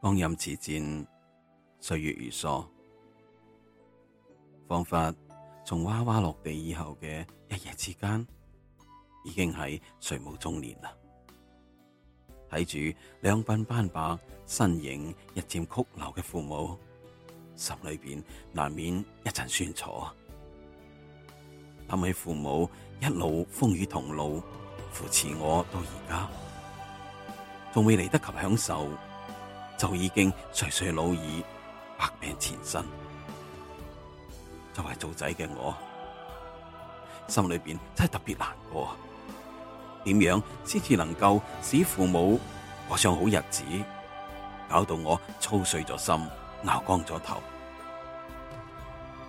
光陰似箭，歲月如梭，仿佛從娃娃落地以後嘅一夜之間，已經係垂暮中年啦。睇住兩鬢斑白、身影日漸曲僂嘅父母，心裏邊難免一陣酸楚。諗起父母一路風雨同路，扶持我到而家，仲未嚟得及享受。就已經垂垂老矣，百病纏身。作為做仔嘅我，心裏邊真係特別難過。點樣先至能夠使父母過上好日子？搞到我操碎咗心，熬光咗頭。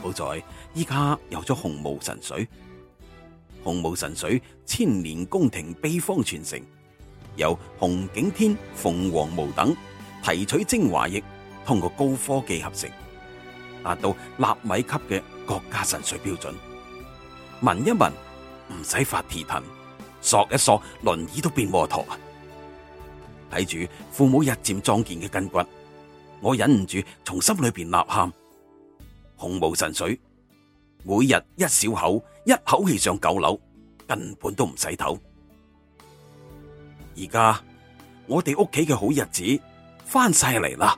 好在依家有咗紅毛神水，紅毛神水千年宮廷秘方傳承，由紅景天、鳳凰毛等。提取精華液，通過高科技合成，達到納米級嘅國家神水標準。聞一聞唔使發提揗，索一索輪椅都變摩托。啊！睇住父母日漸壯健嘅筋骨，我忍唔住從心裏邊吶喊：紅毛神水，每日一小口，一口氣上九樓，根本都唔使唞。而家我哋屋企嘅好日子，翻曬嚟啦！